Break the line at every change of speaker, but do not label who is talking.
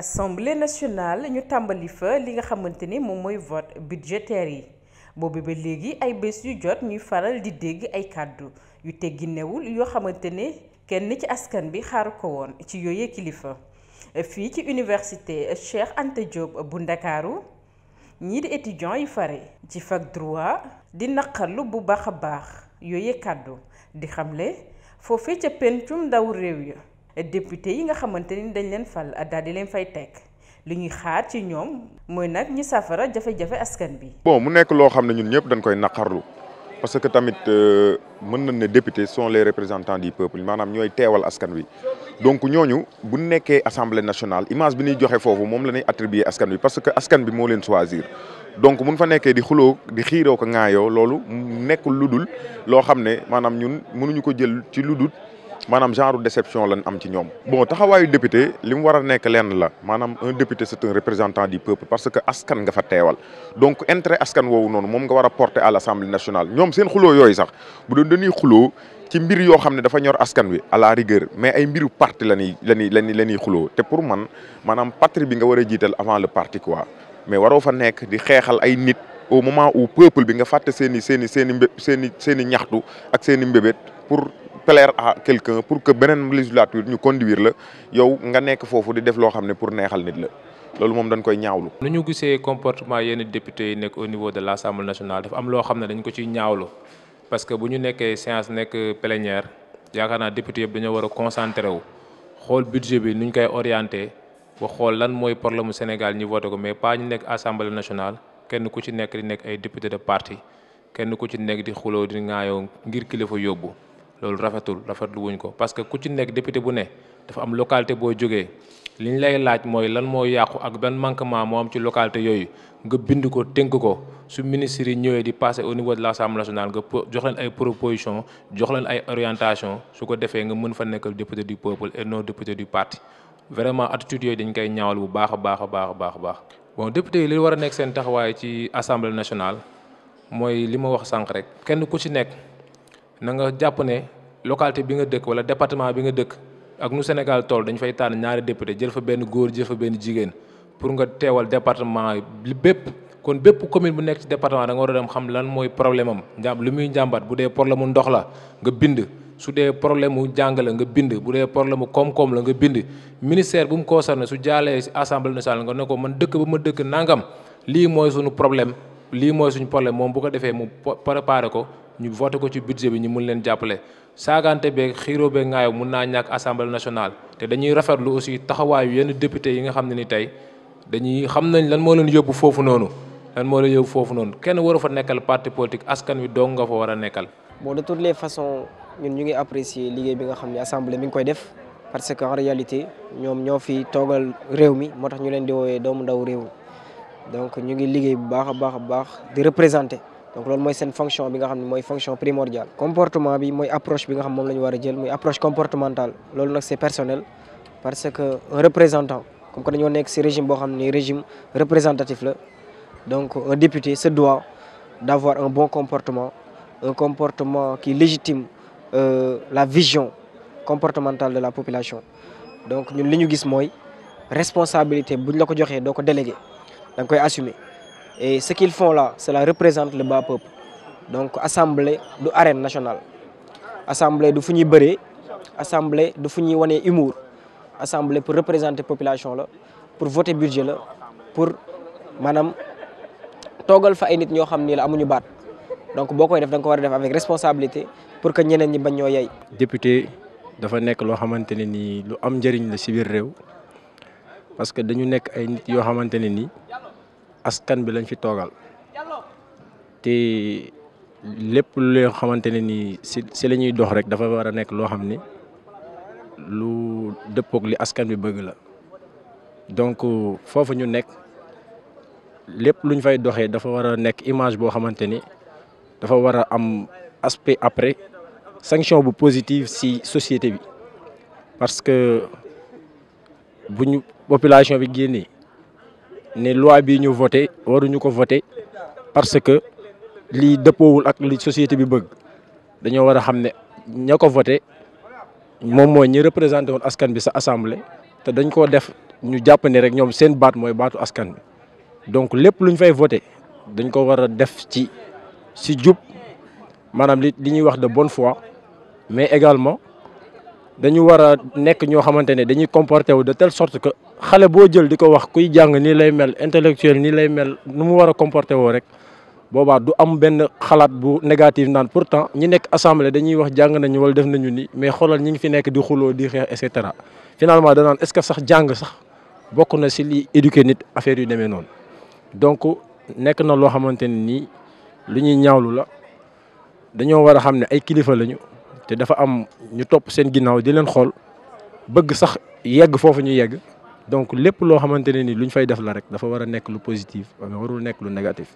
assemblée nationale ñu tàmbali fa li nga xamante ni moom mooy vote budgétaire yi boobu ba léegi ay bés yu jot ñuy faral di dégg ay kàddu yu tegginewul yoo xamante ne kenn ci askan bi xaaru ko woon ci yooyee kilifa fii ci université Cheikh Anta bu Ndakaaru ñii di étudiants yi fare ci fac droit di naqarlu bu baax a baax yooyee kàddu di xamle foofee ca pencum ndaw réew ya député yi nga xamante ni dañ leen fal daal di leen fay teg li ñuy xaar ci ñoom mooy nag ñu safara jafe-jafe askan bi.
bon mu nekk loo xam ne ñun ñëpp dañ koy naqarlu parce que tamit euh, mën nañ ne député son les représentants du peuple maanaam ñooy teewal askan wi donc ñooñu bu nekkee assemblée nationale image bi ñuy joxe foofu moom la ñuy attribuer askan wi parce que askan bi moo leen choisir. donc mun fa nekkee di xuloo di xiiroo ko ŋaayoo loolu nekkul lu dul loo xam ne maanaam ñun mënuñu ko jël ci lu dul maanaam genre déception lañ am ci ñoom bon taxawaayu député li mu war a nekk lenn la maanaam un député c'est un représentant du peuple parce que askan nga fa teewal donc intérêt askan woowu noonu moom nga war a porter à l'Assemblée nationale ñoom seen xuloo yooyu sax bu doon dañuy ci mbir yoo xam ne dafa ñor askan wi à la rigueur mais ay mbiru parti la ñuy la ñuy la ñuy la ñuy xuloo te pour man maanaam patrie bi nga war a jiital avant le parti quoi mais waroo a nekk di xeexal ay nit au moment où bi nga fàtte seen i seen i seen i seen i seen ñaxtu ak seen i mbébét pour plaire à quelque pour que beneen législature ñu conduire la yow nga nekk foofu di def loo xam ne pour neexal nit la loolu moom dañ koy ñaawlu.
nu ñu gisee comportement yenn député yi nekk au niveau de l'Assemblée nationale dafa am loo xam ne dañ ko ciy ñaawlu parce que bu ñu nekkee séance nekk plénière yaakaar naa député yëpp dañoo war a concentré wu xool budget bi nu ñu koy orienté ba xool lan mooy problème Sénégal ñu voté ko mais pas ñu nekk Assemblée nationale kenn ku ci nekk di nekk ay député de parti kenn ku ci nekk di xuloo di ŋaayoo ngir kilifa yóbbu. loolu rafetul rafetlu wuñ ko parce que ku ci nekk député bu ne dafa am localité boo jógee li ñu lay laaj mooy lan moo yàqu ak ban manquement moo am ci localité yooyu nga bind ko tënk ko su ministre yi ñëwee di passer au niveau de l'Assemblée nationale nga jox leen ay leen ay orientation su ko defee nga mën fa nekkal député du peuple et non député du parti vraiment attitude yooyu dañ koy ñaawal bu baax a baax a baax a baax a baax bon député yi li war a nekk seen taxawaay ci assemblée national mooy li ma wax sànq rek kenn ku ci nekk na nga jàpp ne localité bi nga dëkk wala département bi nga dëkk ak nu Sénégal tool dañ fay tànn ñaari député jël fa benn góor jël fa benn jigéen pour nga teewal département bi bépp kon bépp commune bu nekk ci département da war a dem xam lan mooy problème am njàm muy njàmbat bu dee problème mu ndox la nga bind su dee problème mu jàng la nga bind bu dee problème mu koom-koom la nga bind ministère bu mu concerné su jaalee na nationale nga ne ko man dëkk ba ma dëkk nangam lii mooy sunu problème lii mooy suñ problème moom bu ko defee mu préparé ko ñu voté ko ci budget bi ñu mun leen jàppale saagante beeg xiiroo beeg ngaayo mun naa ñàkk assemblée nationale te dañuy rafetlu aussi taxawaayu yenn député yi nga xam ne ni tey dañuy xam nañ lan moo leen yóbbu foofu noonu lan moo leen yóbbu foofu noonu kenn waru fa nekkal parti politique askan wi dong nga fa war a nekkal.
moo de toutes les façons ñun ñu ngi apprécier liggéey bi nga xam ne assemblée mi ngi koy def parce que réalité ñoom ñoo fi toogal réew mi moo tax ñu leen di woowee doomu ndaw réew donc ñu ngi liggéey bu baax a baax a baax di représenter donc loolu mooy seen fonction bi nga xam ne mooy fonction primordiale. comportement bi mooy approche bi nga xam moom la war a jël muy approche comportementale loolu nag c'est personnel parce que un représentant comme que dañoo nekk ci régime boo xam ni régime représentatif la donc un député se doit d'avoir un bon comportement un comportement qui légitime euh, la vision comportementale de la population donc ñun li ñu gis mooy responsabilité ñu la ko joxee doo ko délégué. da nga koy assumer et ce qu'ils font là cela représente le bas peuple donc assemblée du arène nationale assemblée du fu ñuy bëree assemblée du fu ñuy wane humour assemblée pour représenter population la pour voter budget la pour maanaam toogal fa ay nit ñoo xam ni la amuñu baat donc boo koy def da nga ko war a def avec responsabilité pour que ñeneen
ñi bañ ñoo yey député dafa nekk loo xamante ne nii lu am njëriñ la si biir réew parce que dañu nekk ay nit yoo xamante ne nii askan bi lañ fi toogal te lépp loo xamante ne nii si si la ñuy dox rek dafa war a nekk loo xam ni lu dëppoog li askan bi bëgg la donc foofu ñu nekk lépp luñ fay doxee dafa war a nekk image boo xamante ni dafa war a am aspect après sanction bu positive si société bi parce que bu ñu population bi génnee ne loi bi ñu voté waruñu ko voté parce que lii dëppowul ak li société bi bëgg dañoo war a xam ne ña ko voté moom mooy ñi représenté woon askan bi sa assemblée te dañ koo def ñu jàpp ne rek ñoom seen baat mooy baatu askan bi donc lépp luñ fay voté dañ ko war a def ci si jub maanaam li li ñuy wax de bonne fois mais également dañu war a nekk ñoo xamante ne dañuy comporté wu de telle sorte que xale boo jël di ko wax kuy jàng nii lay mel intellectuel nii lay mel nu mu war a comporté woo rek boobaa du am benn xalaat bu négative naan pourtant ñi nekk assemblée dañuy wax jàng nañu wala def nañu ni mais xoolal ñi ngi fi nekk di xuloo di xeex et cetera finalement danaan est ce que sax jàng sax bokk na si lii éduquer nit affaire yu demee noonu donc nekk na loo xamante ne nii lu ñuy ñaawlu la dañoo war a xam ne ay kilifa lañu. te dafa am ñu topp seen ginnaaw di leen xool bëgg sax yegg foofu ñu yegg donc lépp loo xamante ne ni lu ñu fay def la rek dafa war a nekk lu positif waaye warul nekk lu négatif.